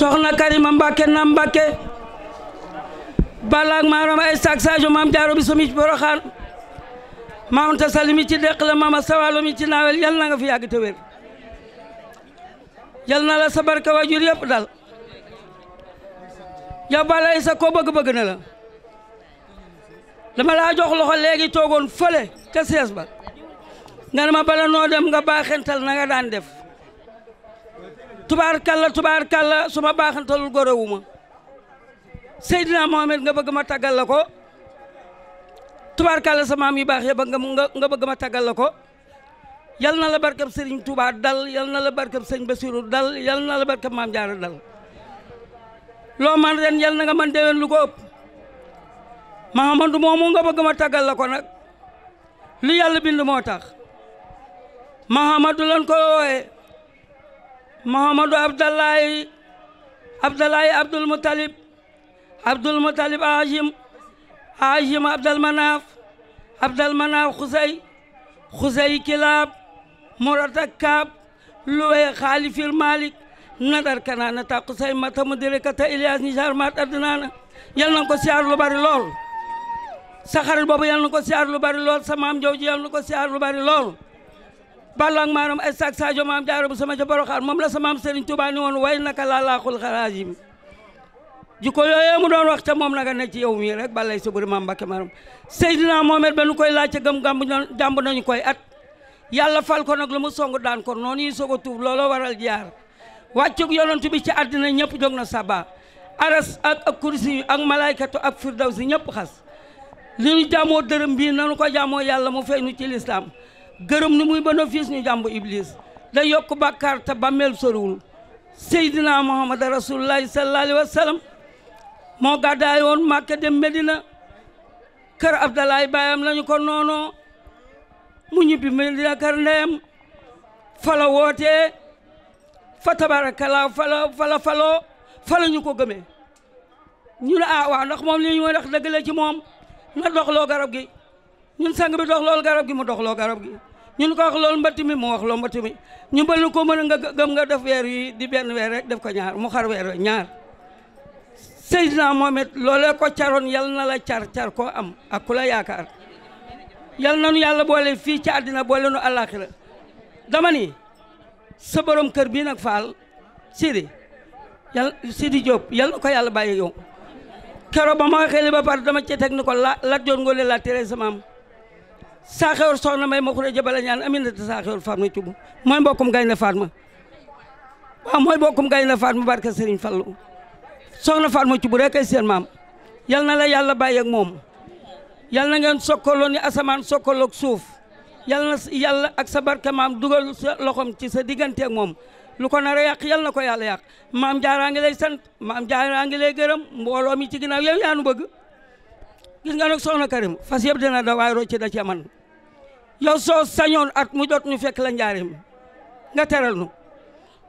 soxna karima mbàkke na mbàkke balaag maaram ay sak sadio maam jaaro bi somi boroxaan maam ta sali mi ci deq la maama sawalo mi ci naawel yal na nga fi yàgg te wér yal na la sa barka waajur yëpp dal yow bala isa ko bëgg-bëgg na la dama laa jox loxo léegi toogoon fële ca sees ba nga ne ma bala noo dem nga baaxental na nga daan def tubaar tubaarkalla su ma baaxantalul gorewuma Seydina Mohamed nga bëgg ma tàggal la ko tubaarkalla sa maam yi baax ya ba nga nga bëgg ma tàggal ko yal na la barkab Serigne Touba dal yal na la barkab Sëñ Basiru dal yal na la barkab maam Jaara dal loo man ren yal na nga man déwén lu ko ëpp Mahamadu moomu nga bëgg ma tàggal ko nag lu yàlla bind moo tax Mahamadu lan ko wooyee Muhammadu Abdallahi Abdallahi Abdul Muttalib Abdul Muttalib Aajim Aajim Abdal Manaaf Abdal Kilaab Murata Kaab Luwe Xaalifil Malik nadar kanaana ta Xusay mata mudire kata Ilias Nijar mat adnaana yal na ko siyaar lu bari lool sa xarit boobu yal na ko siyaar lu bari lool sa maam jooju yal na ko siyaar lu bari lool ballang maanom ay sak sadio maam jaaro bu sama ca boroxaar moom la sa maam Serigne Touba ni woon way naka laa laaxul xaraajim jikko yooyee mu doon wax ca moom na nga ne ci yow mii rek balay suburi maam Mbacke maanom Seydina Mohamed ba nu koy laaj ca gëm-gàmb jàmb nañu koy at yàlla fal ko nag lu mu song daan ko noonu yi soog a tuub looloo waral jaar wàccug yonantu bi ci àddina ñëpp jóg na saba aras ak ak kursi ak malaykatu ak firdaw si ñëpp xa li ñu jaamoo dërëm bii nanu ko jaamoo yàlla mu fay nu gërëm ni muy bénéfice ñu jàmb iblis da yokk bàkkaar te bàmmeel soriwul seydina muhammad rasulullahi sallallahu alayhi wa sallam moo gàddaay woon màkka dem medina kër abdalaay baayam lañu ko noonoo mu ñibbi medina kër ndeyam fala wootee fa tabarakallaa fala fala faloo fala ñu ko gëmee ñu ne ah waaw ndax moom li ñu mooy ndax dëgg la ci moom na doxloo garab gi ñun sang bi doxlool garab gi mu doxloo garab gi ñun ko wax loolu mbatt mi mu wax loolu mbatt ñu bal koo mën a nga gëm nga def weer yi di benn weer rek def ko ñaar mu xar weer ñaar Seydina Mohamed loolee ko caroon yal na la car car koo am ak ku la yaakaar yal na nu yàlla boole fii ci àddina boole nu àllaaxira dama ni sa borom kër bii nag faal Sidi yal Sidi Diop yal na ko yàlla bàyyi yow keroog ba ma waxee li ba pare dama ci teg ni ko la la joon ngóole la tere sa maam saaxewar soxna may ma xure jabala ñaan aminata saaxewar faatma cubu mooy mbokkum gaynde faatma waaw mooy mbokkum gaynde faatma barke Serigne Fallou soxna faatma cubu rek ay seen maam yal na la yàlla bàyyi ak moom yal na ngeen sokkaloo ni asamaan sokkaloo ak suuf yal na yàlla ak sa barke maam dugal sa loxoom ci sa digganteek moom lu ko nar a yàq yal na ko yàlla yàq maam jaaraa ngi lay sant maam jaaraa ngi lay gërëm mbooloo mi ci ginnaaw yow yaa nu bëgg gis nga nag soxna Karim fas yëpp dina da waaye rocce da ci man soo sañoon at mu jot ñu fekk la njaarim nga teral nu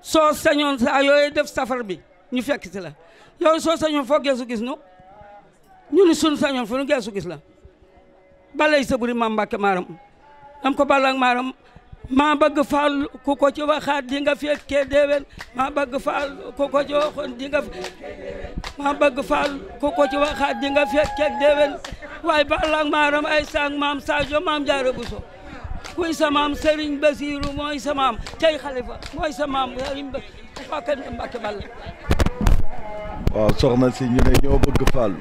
soo sañoon saa yooyu def safar bi ñu fekk si la yow soo sañoon foo geesu gis nu ñu ni sun sañoon fu nu geesu gis la balay sa buri maam Mbàkke maaram am ko balla ak maa bëgg faal ku ko ci waxaat di nga fekkee déwén maa bëgg faal ku ko ci waxoon di nga maa bëgg faal ku ko ci waxaat di nga fekkee déwén waaye ballak maaram ay sang maam Sadio maam Jaara Buso kuy sa maam Serigne Basiru mooy sa maam tey xalifa mooy sa maam Serigne Mbàkke Mbàkke Balla waaw soxna si ñu ne ñoo bëgg faal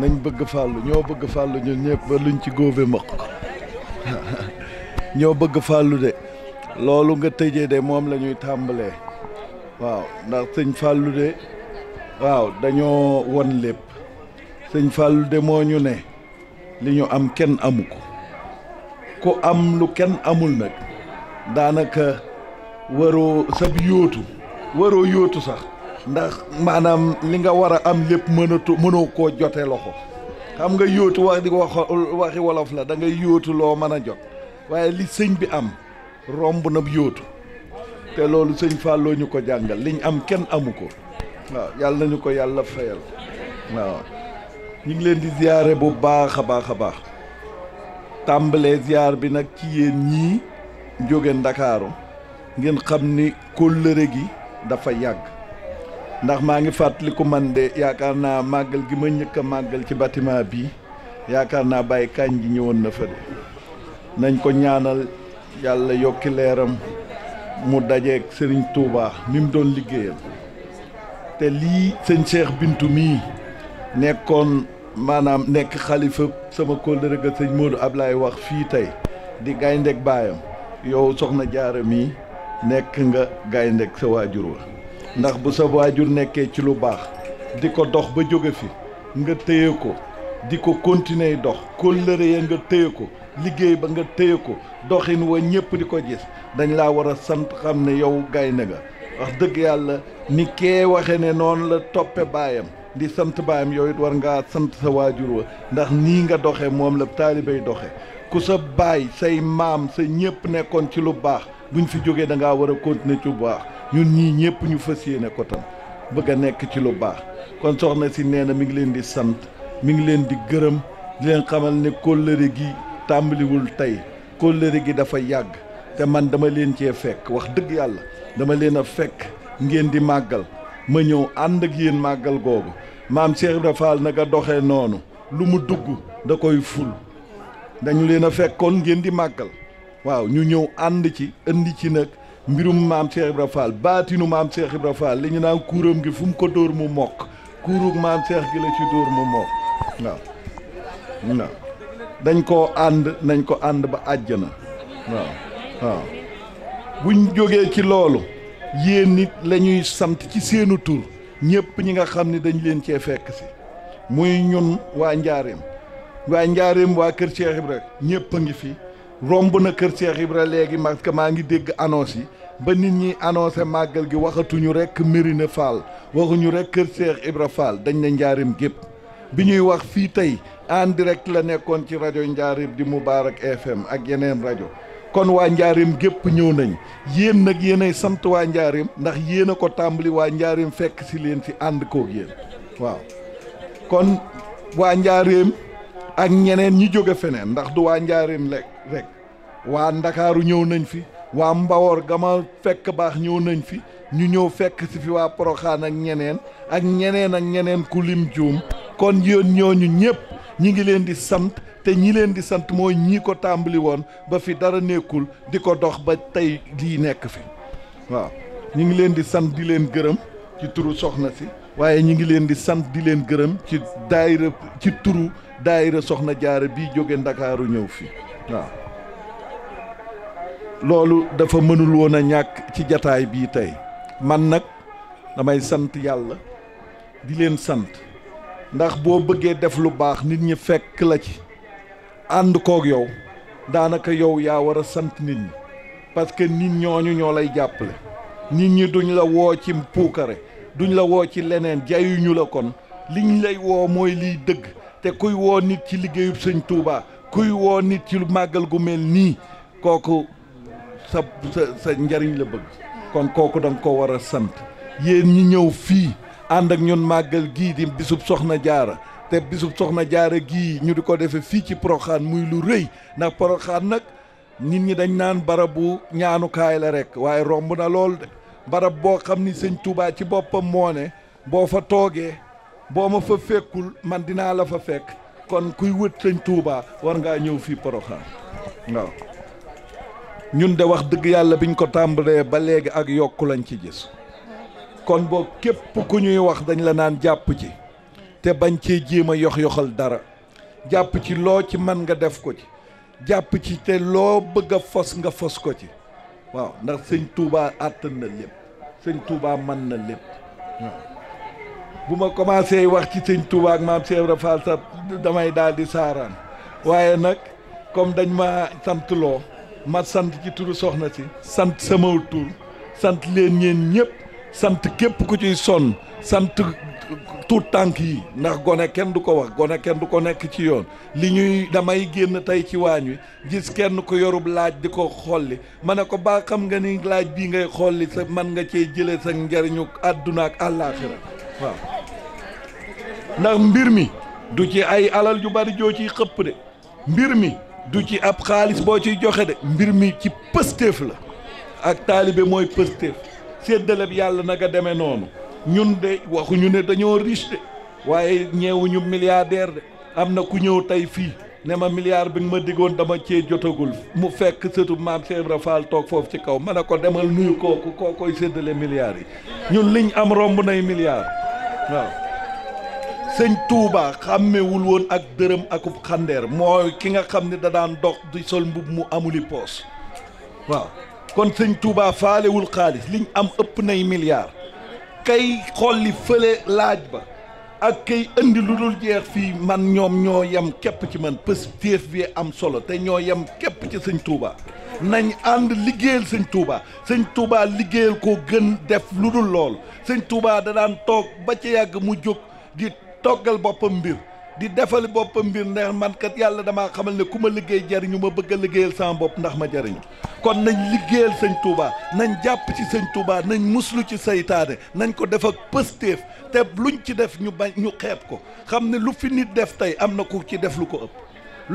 nañ bëgg fàllu ñoo bëgg fàllu ñun ñëpp ba ci góobe mbokk ñoo bëgg fàllude loolu nga tëjee de moom la ñuy tàmbalee waaw ndax sëñ fàllu de waaw dañoo won lépp sëñ fàllu de moo ñu ne li ñu am kenn amu ko ku am lu kenn amul nag daanaka waroo sab yóotu waroo yóotu sax ndax maanaam li nga war a am lépp mënatu mënoo koo jote loxo xam nga yóotu wax di wax waxi wolof la dangay ngay loo mën a jot waaye li sëñ bi am romb na yóotu te loolu sëñ Fallou ñu ko jàngal liñ am kenn amu ko waaw yàlla nañu ko yàlla fayal waaw ñu ngi leen di ziyaare bu baax a baax a baax tàmbalee ziyaar bi nag ci yéen ñii jóge ndakaaru ngeen xam ni kóllëre gi dafa yàgg ndax maa ngi fàttaliku man de yaakaar naa màggal gi ma njëkk a màggal ci bâtiment bi yaakaar naa bàyyi kañ gi ñëwoon na fa nañ ko ñaanal yàlla yokki leeram mu dajeek Serigne Touba mi mu doon liggéeyal te lii sëñ Cheikh Bintu mii nekkoon maanaam nekk xalifa sama kóllëre ga sëñ ab Ablaye wax fii tey di gayndeg baayam yow soxna jaara yi nekk nga gayndeg sa waajur wa ndax bu sa waajur nekkee ci lu baax di ko dox ba jóge fi nga téye ko di ko continuer dox kóllëre ya nga téye ko liggéey ba nga téye ko doxin wa ñëpp di ko gis dañ laa war a sant xam ne yow gaynde ga wax dëgg yàlla ni kee waxe ne noonu la toppe baayam di sant baayam yow war ngaa sant sa waajur wa ndax nii nga doxe moom la taalibay doxe ku sa baay say maam sa ñëpp nekkoon ci lu baax buñ fi jógee da ngaa war a continuer ci lu baax ñun ñii ñëpp ñu fas yéene ko tam bëgg a nekk ci lu baax kon soxna si nee na mi ngi leen di sant mi ngi leen di gërëm di leen xamal ne kóllëre gi tàmbaliwul tey kóllëre gi dafa yàgg te man dama leen cee fekk wax dëgg yàlla dama leen a fekk ngeen di màggal ma ñëw ànd ak yéen màggal googu maam Cheikh Ibra nag a doxe noonu lu mu dugg da koy ful dañu leen a fekkoon ngeen di màggal waaw ñu ñëw ànd ci indi ci nag mbirum maam Cheikh Ibra Fall baatinu maam Cheikh Ibra Fall li ñu naa kuuram gi fu mu ko dóor mu mokk kuurug maam Cheikh gi la ci dóor mu mokk dañ koo ànd nañ ko ànd ba àjjana waaw waaw buñ jógee ci loolu yéen nit lañuy ñuy sant ci seenu tur ñëpp ñi nga xam ni dañ leen cee fekk si muy ñun waa njaareem waa njaareem waa kër Cheikh Ibra ñëpp a ngi fi romb na kër Cheikh Ibra léegi parce que maa ngi dégg annonce yi ba nit ñi annoncé màggal gi waxatuñu rek Mérina Fall waxuñu rek kër Cheikh Ibra Fall dañ ne njaareem gépp bi ñuy wax fii tey en direk la nekkoon ci rajo Njaareem di Moubarak FM ak yeneen rajo kon waa Njaareem gépp ñëw nañ yéen nag ay sant waa Njaareem ndax yéen a ko tàmbali waa Njaareem fekk si leen fi ànd koog yéen waaw kon waa Njaareem ak ñeneen ñi jóge feneen ndax du waa Njaareem lekk rek waa Ndakaaru ñëw nañ fi waa Mbawoor gama fekk baax ñëw nañ fi ñu ñëw fekk si fi waa Poroxaan ak ñeneen ak ñeneen ak ñeneen ku lim juum kon yéen ñooñu ñépp ñi ngi leen di sant te ñi leen di sant mooy ñi ko tàmbali woon ba fi dara nekkul di ko dox ba tey lii nekk fi waaw ñi ngi leen di sant di leen gërëm ci turu soxna si waaye ñi ngi leen di sant di leen gërëm ci daayira ci turu daayira soxna jaara bi jóge ndakaaru ñëw fi waaw loolu dafa mënul woon a ñàkk ci jataay bii tey man nag damay sant yàlla di leen sant ndax boo bëggee def lu baax nit ñi fekk la ci ànd koog yow daanaka yow yaa war a sant nit ñi parce que nit ñooñu ñoo lay jàppale nit ñi duñ la woo ci puukare duñ la woo ci leneen jayuñu la kon liñu lay woo mooy liy dëgg te kuy woo nit ci liggéeyub sëñ Touba kuy woo nit ci màggal gu mel nii kooku sa sa sa njariñ la bëgg kon kooku da ko war a sant yéen ñi ñëw fii ànd ak ñun màggal gii di bisub soxna jaara te bisub soxna jaara gii ñu di ko defee fii ci poroxaan muy lu rëy ndax poroxaan nag nit ñi dañ naan barabu ñaanukaay la rekk waaye romb na lool de barab boo xam ni sëñ Tuubaa ci boppam moo ne boo fa toogee boo ma fa fekkul man dinaa la fa fekk kon kuy wët sëñ Tuubaa war ngaa ñëw fii poroxaan waaw ñun de wax dëgg yàlla biñ ko tàmbalee ba léegi ak yokku lañ ci gis kon bo kep ku ñuy wax dañ la naan japp ci te bañ ci jima yox yoxal dara japp ci lo ci man nga def ko ci japp ci te lo bëgg ngafos fos nga fos ko ci waaw ndax sëñ Touba na lepp Touba man na lepp buma commencé wax ci sëñ Touba ak mam Cheikh rafal sa damay dal di saaraan waye nak comme dañ ma sant lo ma sant ci turu soxna ci sant sama tour sant leen ñeen ñepp sant képp ku ciy sonn sant tuut tànk yi ndax gone kenn du ko wax gone kenn du ko nekk ci yoon li ñuy damay génn tey ci waañ wi gis kenn ku yorub laaj di ko xolli ma ne ko baa xam nga ni laaj bi ngay xolli sa mën nga cee jële sa njariñu àdduna ak àllaaxira waaw ndax mbir mi du ci ay alal ju bari joo ciy xëpp de mbir mi du ci ab xaalis boo ciy joxe de mbir mi ci pëstéef la ak taalibe mooy pëstéef séddaleb yàlla naga demee noonu ñun de waxuñu ne dañoo ris de waaye ñeewuñu milliardaire de am na ku ñëw tey fii ne ma milliard bi nga ma diggoon dama cee jotagul mu fekk surtout maam Cheikh Ibra toog foofu ci kaw ma ne ko demal nuyu kooku koo koy séddale milliards yi ñun liñ am romb nay milliards waaw sëñ Touba xàmmewul woon ak dërëm akub xandeer mooy ki nga xam ne da daan dox di sol mbubb mu amuli poos waaw kon sëñ Touba faalewul xaalis liñ am ëpp nay milliards kay xolli fële laaj ba ak kay indi lu dul jeex fii man ñoom ñoo yem képp ci man pës téef bi am solo te ñoo yem képp ci sëñ tuubaa nañ ànd liggéeyal sëñ tuubaa sëñ Touba liggéeyal ko gën def lu dul lool sëñ tuubaa da daan toog ba ca yàgg mu jóg di toggal boppam mbir di defal boppam mbir ndax mankat yàlla damaa xamal ne ku ma liggéey jariñu ma bëgg a liggéeyal sama bopp ndax ma jariñu kon nañ liggéeyal sëñ Touba nañ jàpp ci sëñ Touba nañ muslu ci saytaane nañ ko def ak pëstéef te luñ ci def ñu bañ ñu xeeb ko xam ne lu fi nit def tey am na ku ci def lu ko ëpp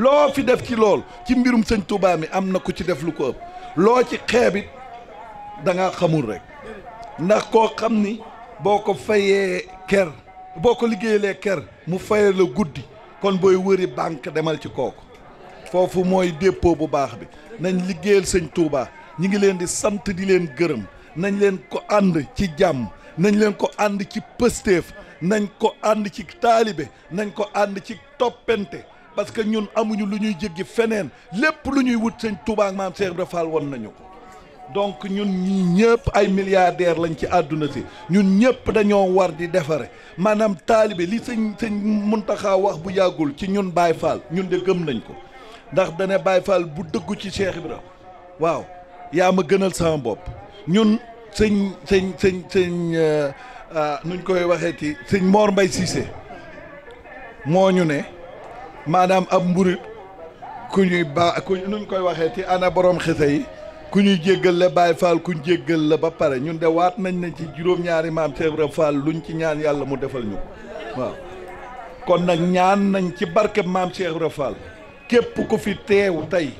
loo fi def ci lool ci mbirum sëñ Touba mi am na ku ci def lu ko ëpp loo ci xeeb it xamul rek ndax koo xam ni boo ko fayee ker boo ko liggéeyalee kër mu fayal la guddi kon booy wëri banque demal ci kooku foofu mooy dépôt bu baax bi nañ liggéeyal sëñ Touba ñi ngi leen di sant di leen gërëm nañ leen ko ànd ci jàmm nañ leen ko ànd ci pëstéef nañ ko ànd ci taalibe nañ ko ànd ci toppente parce que ñun amuñu lu ñuy jéggi feneen lépp lu ñuy wut sëñ Touba ak maam Cheikh Ibra Fall woon nañu ko donc ñun ñii ñëpp ay milliardaires lañ ci àdduna si ñun ñëpp dañoo war di defare maanaam taalibe li sëñ sëñ Muntaxa wax bu yàggul ci ñun Baye Fall ñun de gëm nañ ko ndax dane baay Fall bu dëggu ci Cheikh ra waaw yaa ma gënal sama bopp ñun sëñ sëñ sëñ sëñ euh, euh, nuñ koy waxee ci sëñ Mor Mbay Cissé moo ñu ne maanaam ab mburit ku ñuy ba ku nuñ koy waxee ci ana borom xese yi ku ñuy jéggal la Baye ku ñu jéggal la ba pare ñun de waat nañ ne ci juróom-ñaari maam Cheikh Ibra Fall luñ ci ñaan yàlla mu defal ñu ko waaw kon nag ñaan nañ ci barkeb maam Cheikh Ibra Fall képp ku fi teew tey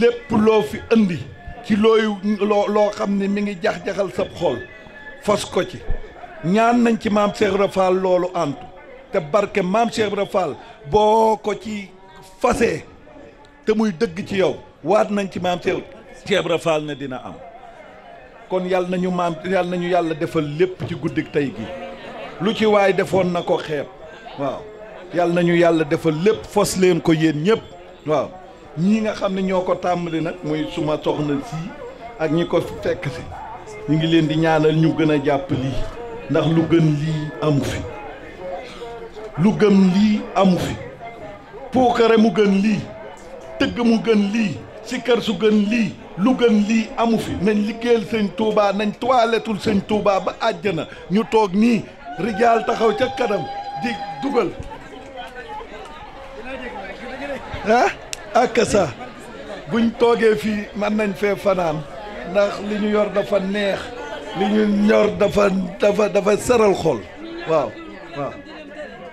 lépp loo fi indi ci looyu loo loo xam ne mi ngi jax-jaxal sab xol fos ko ci ñaan nañ ci maam Cheikh Ibra loolu antu te barke maam Cheikh Ibra boo ko ci fasee te muy dëgg ci yow waat nañ ci maam Cheikh Ceebra Faal ne dina am kon yàlla nañu maam yàlla nañu yàlla defal lépp ci guddi tey gi lu ci waay defoon na ko xeeb waaw yàlla nañu yàlla defal lépp fos leen ko yéen ñëpp waaw ñii nga xam ne ñoo ko tàmbali nag muy suma soxna sii ak ñi ko fekk si ñu ngi leen di ñaanal ñu gën a jàpp lii ndax lu gën lii amu fi lu gën lii amu fi puukare mu gën lii tëgg mu gën lii si kër su gën lii lu gën lii amu fi nañ liggéeyal sëñ Touba nañ toilettul sëñ Touba ba àjjana ñu toog nii rijaal taxaw ca kanam di dugal ah buñ toogee fii man nañ fee fanaan ndax li ñu yor dafa neex li ñu ñor dafa dafa dafa seral xol waaw waaw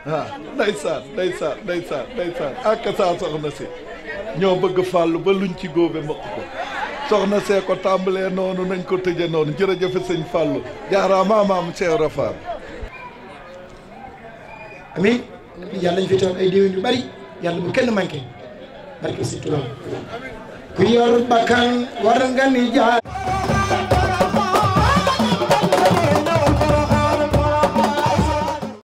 waaw ndeysaan ndeysaan ndeysaan ndeysaan ak sa soxna si ñoo bëgg fàllu ba luñ ci góobe mokk ko soxna see ko tàmbalee noonu nañ ko tëje noonu jërëjëfe sëñ fàllu jaaraama maam Cheikh Rafaal yàlla ñu fi teewoon ay déwén yu bari yàlla bu kenn manqué barke si turam ku yor bakkan war nga ni jaar